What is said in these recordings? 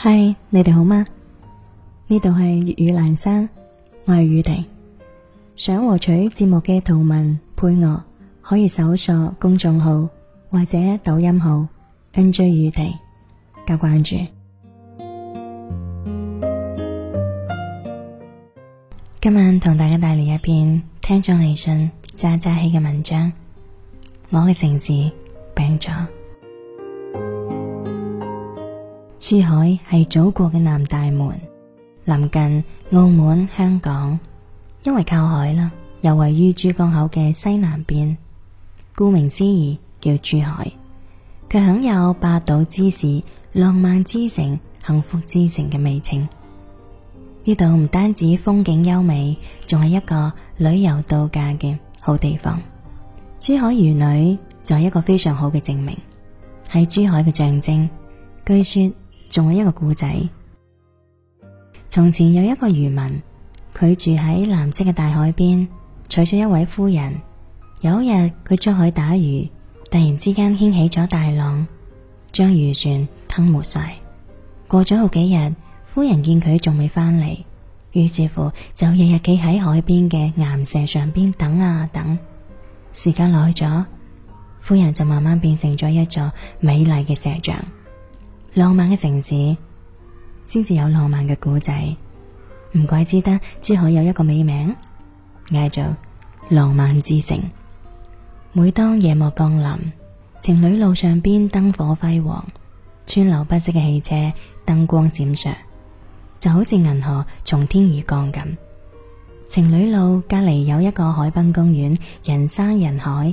嗨，Hi, 你哋好嗎？呢度係粵語欄山，我係雨婷。想獲取節目嘅圖文配樂，可以搜索公眾號或者抖音號 NJ 雨婷加關注。今晚同大家帶嚟一篇聽眾嚟信渣渣希嘅文章，我嘅城市病咗。珠海係祖國嘅南大門，臨近澳門、香港，因為靠海啦，又位於珠江口嘅西南邊，顧名思義叫珠海。佢享有百島之市、浪漫之城、幸福之城嘅美稱。呢度唔單止風景優美，仲係一個旅遊度假嘅好地方。珠海漁女就係一個非常好嘅證明，係珠海嘅象徵。據說。仲有一個故仔。從前有一個漁民，佢住喺藍色嘅大海邊，娶咗一位夫人。有一日佢出海打魚，突然之間掀起咗大浪，將漁船吞沒晒。過咗好幾日，夫人見佢仲未翻嚟，於是乎就日日企喺海邊嘅岩石上邊等啊等。時間耐咗，夫人就慢慢變成咗一座美麗嘅石像。浪漫嘅城市，先至有浪漫嘅古仔。唔怪之得珠海有一個美名，嗌做浪漫之城。每當夜幕降臨，情侶路上邊燈火輝煌，川流不息嘅汽車燈光閃爍，就好似銀河從天而降咁。情侶路隔籬有一個海濱公園，人山人海，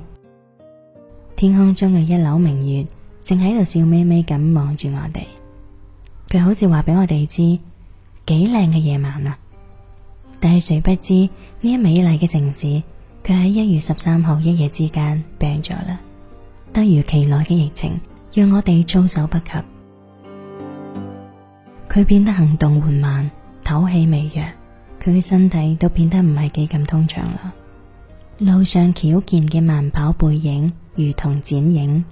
天空中嘅一縷明月，正喺度笑眯眯咁望住我哋，佢好似話俾我哋知幾靚嘅夜晚啊！但係誰不知呢一美麗嘅城市，佢喺一月十三號一夜之間病咗啦。突如其來嘅疫情，讓我哋措手不及。佢變得行動緩慢，唞氣微弱，佢嘅身體都變得唔係幾咁通暢啦。路上矯健嘅慢跑背影，如同剪影。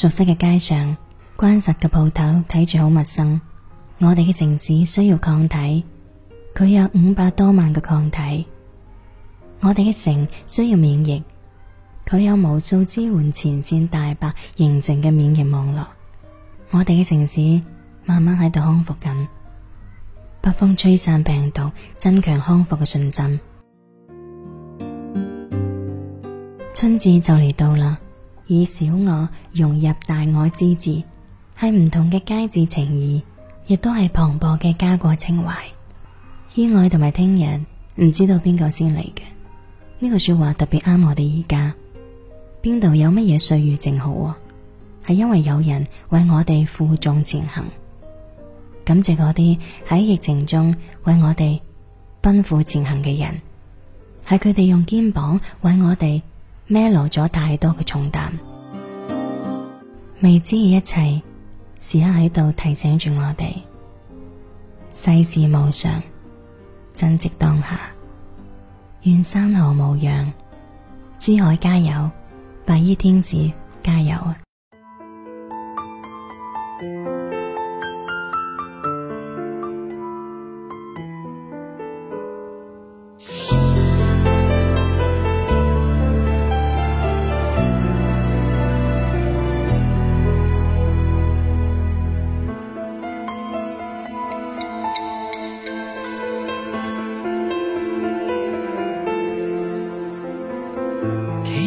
熟悉嘅街上，關實嘅鋪頭睇住好陌生。我哋嘅城市需要抗體，佢有五百多萬嘅抗體。我哋嘅城需要免疫，佢有無數支援前線大白形成嘅免疫網絡。我哋嘅城市慢慢喺度康復緊，北風吹散病毒，增強康復嘅信心。春節就嚟到啦。以小我融入大我之志，係唔同嘅佳字情誼，亦都係磅礴嘅家國情懷。意外同埋聽日，唔知道邊個先嚟嘅呢個說話特別啱我哋而家。邊度有乜嘢歲月正好啊，係因為有人為我哋負重前行。感謝嗰啲喺疫情中為我哋奔赴前行嘅人，係佢哋用肩膀為我哋。孭落咗太多嘅重擔，未知嘅一切，時刻喺度提醒住我哋，世事無常，珍惜當下。願山河無恙，珠海加油，白衣天使加油啊！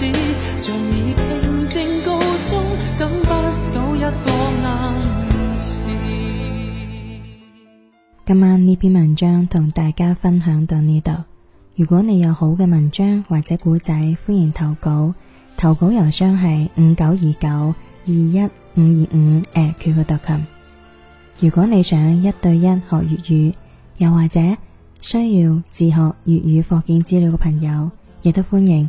今晚呢篇文章同大家分享到呢度。如果你有好嘅文章或者古仔，歡迎投稿。投稿郵箱係五九二九二一五二五。誒佢 q 獨琴。如果你想一對一學粵語，又或者需要自學粵語課件資料嘅朋友，亦都歡迎。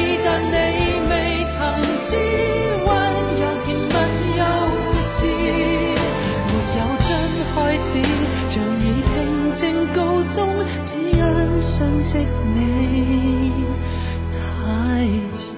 開始，像已平靜告終，只因相識你太遲。